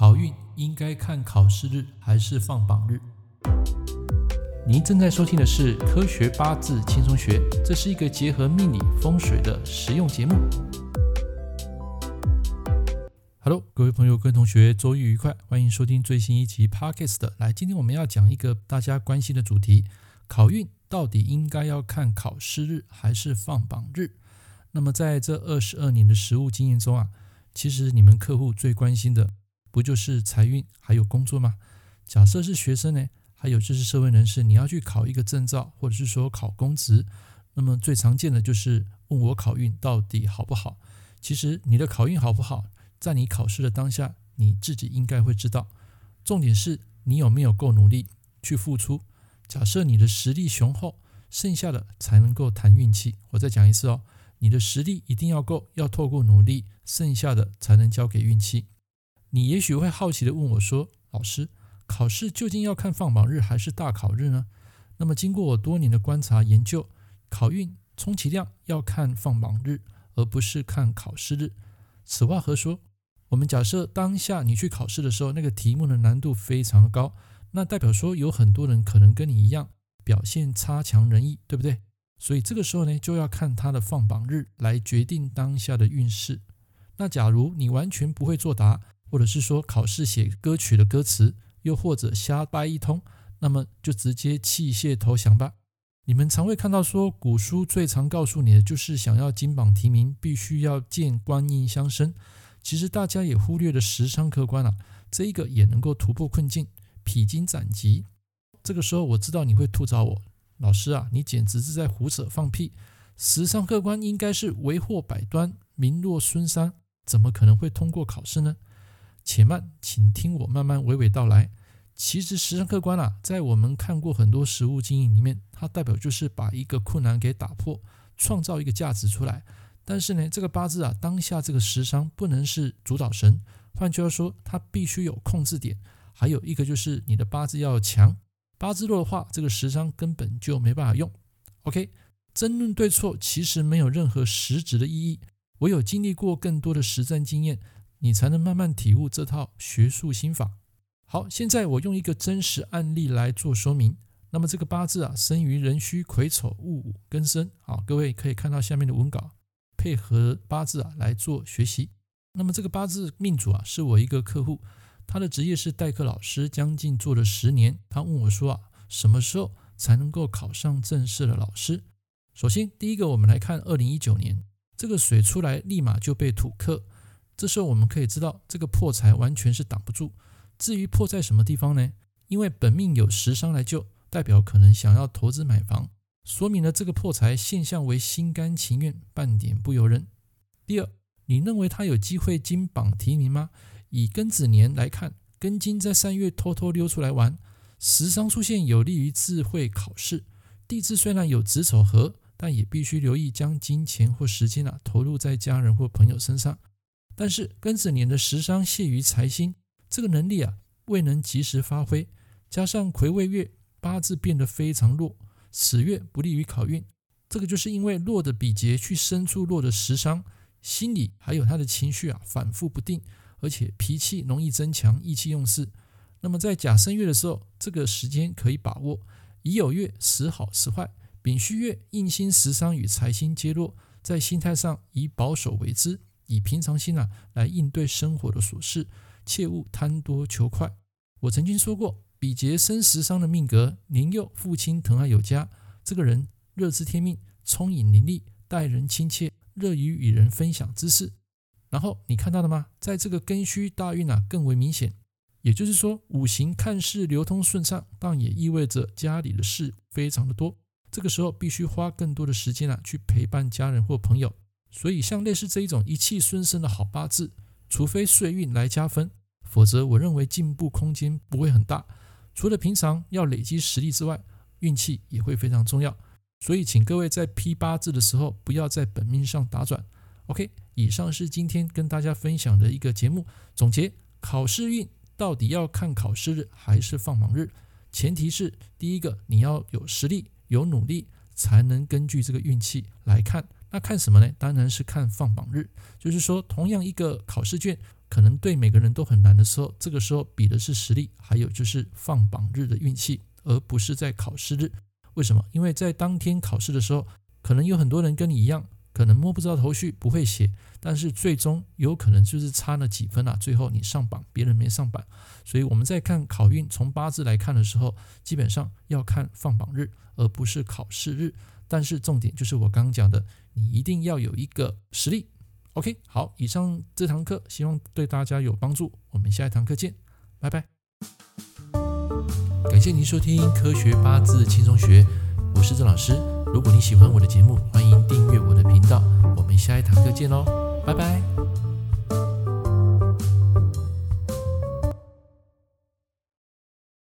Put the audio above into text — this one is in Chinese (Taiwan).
考運應該看考試日還是放榜日？您正在收聽的是《科學八字輕鬆學》，這是一個結合命理風水的實用節目。Hello，各位朋友、各位同學，周日愉快！歡迎收聽最新一期 Podcast。來，今天我們要講一個大家關心的主題：考運到底應該要看考試日還是放榜日？那麼在這二十二年的實務經驗中啊，其實你們客戶最關心的。不就是財運還有工作嗎？假設是學生呢，還有就是社會人士，你要去考一個證照，或者是說考公職，那麼最常見的就是問我考運到底好不好。其實你的考運好不好，在你考試的當下，你自己應該會知道。重點是你有沒有夠努力去付出。假設你的實力雄厚，剩下的才能夠談運氣。我再講一次哦，你的實力一定要夠，要透過努力，剩下的才能交給運氣。你也許會好奇地問我說：“老師，考試究竟要看放榜日還是大考日呢？”那麼，經過我多年的觀察研究，考運充其量要看放榜日，而不是看考試日。此話何說？我們假設當下你去考試的時候，那個題目的難度非常高，那代表說有很多人可能跟你一樣表現差強人意，對不對？所以這個時候呢，就要看他的放榜日來決定當下的運勢。那假如你完全不會作答，或者是說考試寫歌曲的歌詞，又或者瞎掰一通，那麼就直接棄械投降吧。你們常會看到說，古書最常告訴你的就是想要金榜題名，必須要見官印相生。其實大家也忽略了食傷剋官啊，這一個也能夠突破困境，披荊斬棘。這個時候我知道你會吐槽我，老師啊，你簡直是在胡扯放屁。食傷剋官應該是為禍百端，名落孫山，怎麼可能會通過考試呢？且慢，請聽我慢慢娓娓道來。其實食傷剋官啊，在我們看過很多實務經驗裡面，它代表就是把一個困難給打破，創造一個價值出來。但是呢，這個八字啊，當下這個食傷不能是主導神，換句話說，它必須有控制點。還有一個就是你的八字要強，八字弱的話，這個食傷根本就沒辦法用。OK，爭論對錯其實沒有任何實質的意義。我有經歷過更多的實戰經驗。你才能慢慢體悟這套學術心法。好，現在我用一個真實案例來做說明。那麼這個八字啊，生於壬戌癸丑戊午庚申。好，各位可以看到下面的文稿，配合八字啊來做學習。那麼這個八字命主啊，是我一個客戶，他的職業是代課老師，將近做了十年。他問我說啊，什麼時候才能夠考上正式的老師？首先，第一個我們來看二零一九年，這個水出來立馬就被土剋。這時候我們可以知道，這個破財完全是擋不住。至於破在什麼地方呢？因為本命有食傷來救，代表可能想要投資買房，說明了這個破財現象為心甘情願，半點不由人。第二，你認為他有機會金榜題名嗎？以庚子年來看，庚金在三月偷偷溜出來玩，食傷出現有利於智慧考試。地支雖然有子丑合，但也必須留意將金錢或時間啊投入在家人或朋友身上。但是庚子年的食傷洩於財星，這個能力啊未能及時發揮，加上癸未月八字變得非常弱，此月不利於考運。這個就是因為弱的比劫去生出弱的食傷，心理還有他的情緒啊反覆不定，而且脾氣容易增強，意氣用事。那麼在甲申月的時候，這個時間可以把握；乙酉月時好時壞；丙戌月印星食傷與財星皆弱，在心態上以保守為之。以平常心啊來應對生活的瑣事，切勿貪多求快。我曾經說過，比劫生食傷的命格，年幼父親疼愛有加，這個人樂知天命，聰穎伶俐，待人親切，樂於與人分享知識。然後你看到了嗎？在這個庚戌大運啊更為明顯，也就是說，五行看似流通順暢，但也意味着家裡的事非常的多。這個時候必須花更多的時間啊去陪伴家人或朋友。所以，像類似這一種一氣順生的好八字，除非歲運來加分，否則我認為進步空間不會很大。除了平常要累積實力之外，運氣也會非常重要。所以，請各位在批八字的時候，不要在本命上打轉。OK，以上是今天跟大家分享的一個節目總結。考試運到底要看考試日還是放榜日？前提是第一個，你要有實力、有努力，才能根據這個運氣來看。那看什麼呢？當然是看放榜日，就是說，同樣一個考試卷，可能對每個人都很難的時候，這個時候比的是實力，還有就是放榜日的運氣，而不是在考試日。為什麼？因為在當天考試的時候，可能有很多人跟你一樣，可能摸不着頭緒，不會寫，但是最終有可能就是差了幾分啊，最後你上榜，別人沒上榜。所以我們在看考運從八字來看的時候，基本上要看放榜日，而不是考試日。但是重點就是我剛剛講的，你一定要有一個實力。OK，好，以上這堂課希望對大家有幫助，我們下一堂課見，拜拜。感謝您收聽《科學八字輕鬆學》，我是鄭老師。如果你喜歡我的節目，歡迎訂閱我的頻道。我們下一堂課見嘍，拜拜。